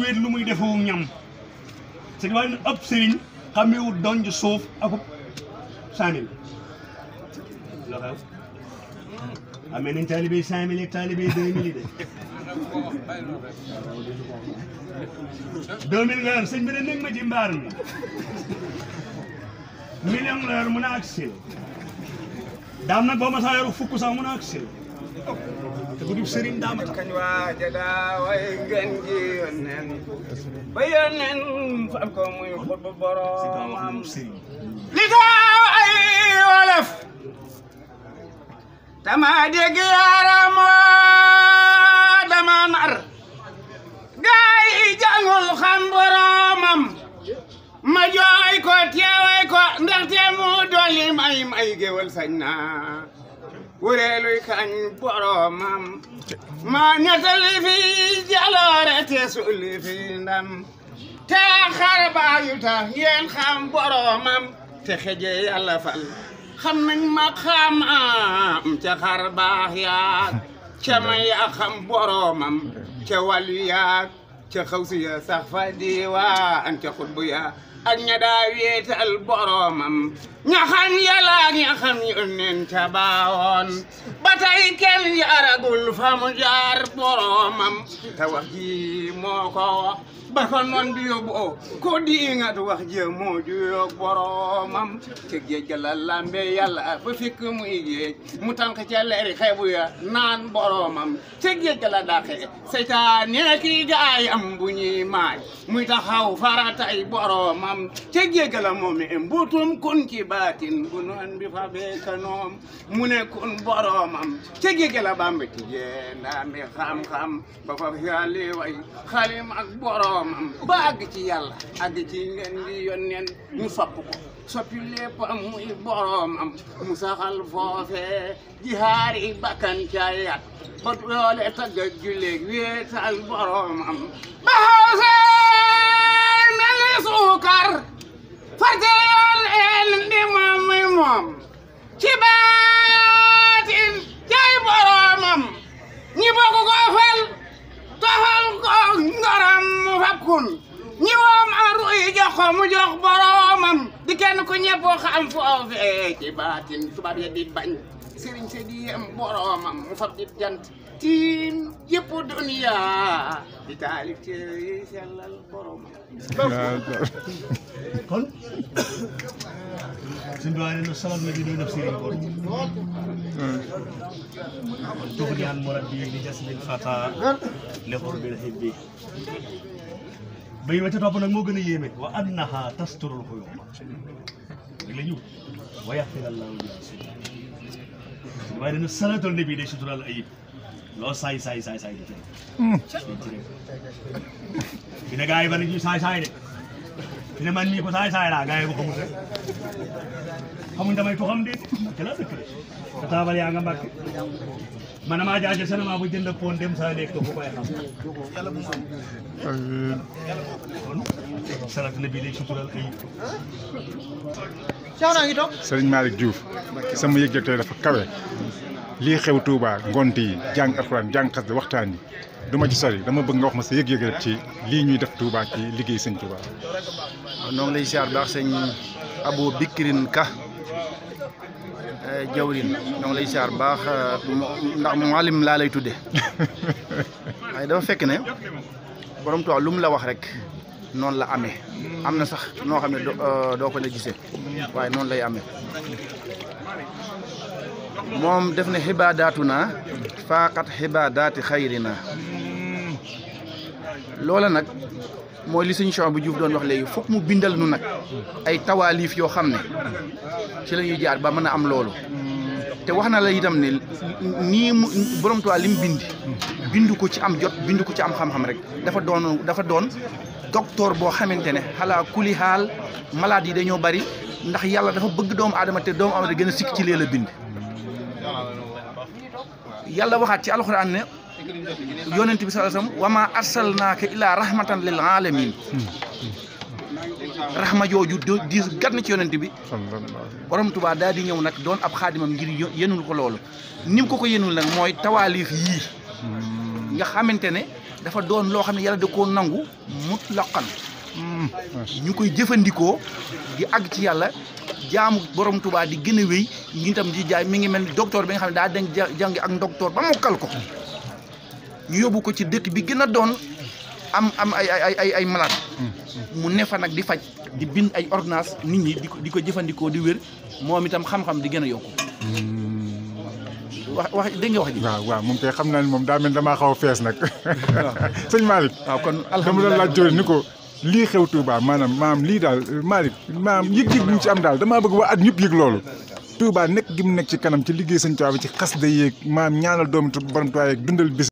wéet lu muy defewu ñam c'est que ne ëpp sëriñ xamewul donj suuf akub saamil la xew amee ah, nañ taalibey cinq mille taalibey deux de deux mille nga ne million la mun a ak sil daam nag boo ma saa yoru fukk sax mun ak sil te guddi sëriñ daama tax kañ waaja daa way gën ji yonen ba yonen fal ko muy xutbu boroomam li taa ay wolof dama dégg yaaram dama nar gaay yi jàngul xam boroomam ma jooy ko teeway ko ndaxte mu dolli may may géwal sañ naa وريلو كان برومام ما نزل في جلارة سؤل في نم تاخر بايوتا ين خام برومام تخجي الله فل خمن مقام آم تخر باهيات كما يا خم برومام كواليات ca xawsiya sax fa diiwaan ca xutbu ya ak ña daa wéetal boromam ña xam yàlla ña xam yónneen ca baawoon ba tey kenn yaragul fa mu jaar boroomam te wax ji moo ko ba ko noon bi yóbbu o oh, ko diingat wax ji moo ju yoog boroomam te géej ga la lambe yàlla ba fekk muy géej mu tànk ca leeri xeebu ya naan boroomam te géej ga la dàqee seytaane ki gaay am bu ñuy maaj muy taxaw faratay boroomam te géej ga la moome mbuutum kun ci baatin bu noon bi fa beekanoom mu ne kun boroomam te géej ga la bambe ti jee ndaami xam xam ba fa yàlli way xalim ak boroomam ba àgg ci yàlla àgg ci ngeen di yónneen ñu sopp ko soppi am muy boroomam mu saxal foofee jihaari bakkan caayat ba doole tagg ak julleeg wéetal boroomam ba xawsee mel ni suukar farte xamagul ñi woom aru yi jox ko mu jox boromam di kenn ku ñëpp wax am foofe eh, eh, ci batin tubaab ya di bañ serigne se di am boromam mu fa di jant tiim yepp duniya di talif ci sellal boromam kon sin doyen no salam la di do def serigne ko تغني عن مربي لجسم الفتى لقرب الحب bay wa ca topp nag moo gën a yéeme wa annaha tasturul xuyuuma rek la ñu wa yaxfirallahu li suñu waaye dana salatul nabi day sutural ayib loolu saay saay saay saay fi ne gars yi bari ñu saay saay fi ne man mii ko saay saay laa gars yi bu xamul rek xamuñ damay tuxam de de te taabal yaa nga man maa jaajëf seen maa bu jënd poon dem saa sama yëg-yëg tey dafa kawe lii xew Touba ngont yi jàng alxuraan jàng xas da waxtaan yi duma ma ci sori dama bëgg nga wax ma sa yëg-yëg rek ci lii ñuy def Touba ci liggéey sëñ Touba. waaw noo ngi lay baax sëñ Abou Bikirin Ka. جاورين نقول إيش أربعة معلم لا لي تودي هاي ده فكنا برام توعلم لا وخرك نون لا أمي أمي صح نون خمد دو كل جزء واي نون لا أمي مم دفن هباداتنا فقط هبادات خيرنا لولا نك mooy li sëñ Chouaïbou Diouf doon wax léegi foog mu bindal nu nag ay tawaalif yoo xam ne ci la ñuy jaar ba mën a am loolu te wax na la itam ne nii mu borom Tuubaa li mu bind bindu ko ci am jot bind ko ci am xam-xam rek dafa doon dafa doon docteur boo xamante ne xalaa kuli xaal malade yi dañoo bari ndax yàlla dafa bëgg doomu aadama te doomu aadama gën a sikk ci lee la bind yàlla waxaat ci alxuraan ne yonent bi sallallahu alayhi wa sallam wa ma arsalnaaka rahmatan lil alamin rahma joju di gatt na ci yonent bi borom tuba daal di ñëw nak doon ab khadimam ngir yenul ko lolu nim ko ko yenul nak moy tawalif yi nga xamantene dafa doon lo xam yalla da ko nangu mutlaqan ñukoy jëfëndiko di ag ci yalla jaamu borom tuba di gëna wëy wéy di jaay mi ngi mel docteur bi nga xam da dañ jangi ak docteur ba kal ko yóbbu ko ci dëkk bi gën a doon am am ay ay ay ay malade hmm. mu ne fa nag di faj di bind ay ordonnance nit ñi di ko di ko jëfandikoo di wér moom itam xam-xam di gën a yokku. Hmm. wax wax dégg nga wax ji. waaw waaw moom tey xam naa ne moom daa mel dama xaw a fees nag. waaw sëñ Malick. waaw kon alhamdulilah dama doon laaj jooy ni ko. lii xew Touba maanaam maam lii daal Malick maam yëg-yëg ñu ci am daal damaa bëgg waa at ñëpp yëg loolu. Touba nekk gi mu nekk ci kanam ci liggéey sëñ Touba bi ci xas day yéeg maam ñaanal doomu borom Touba yeeg dundal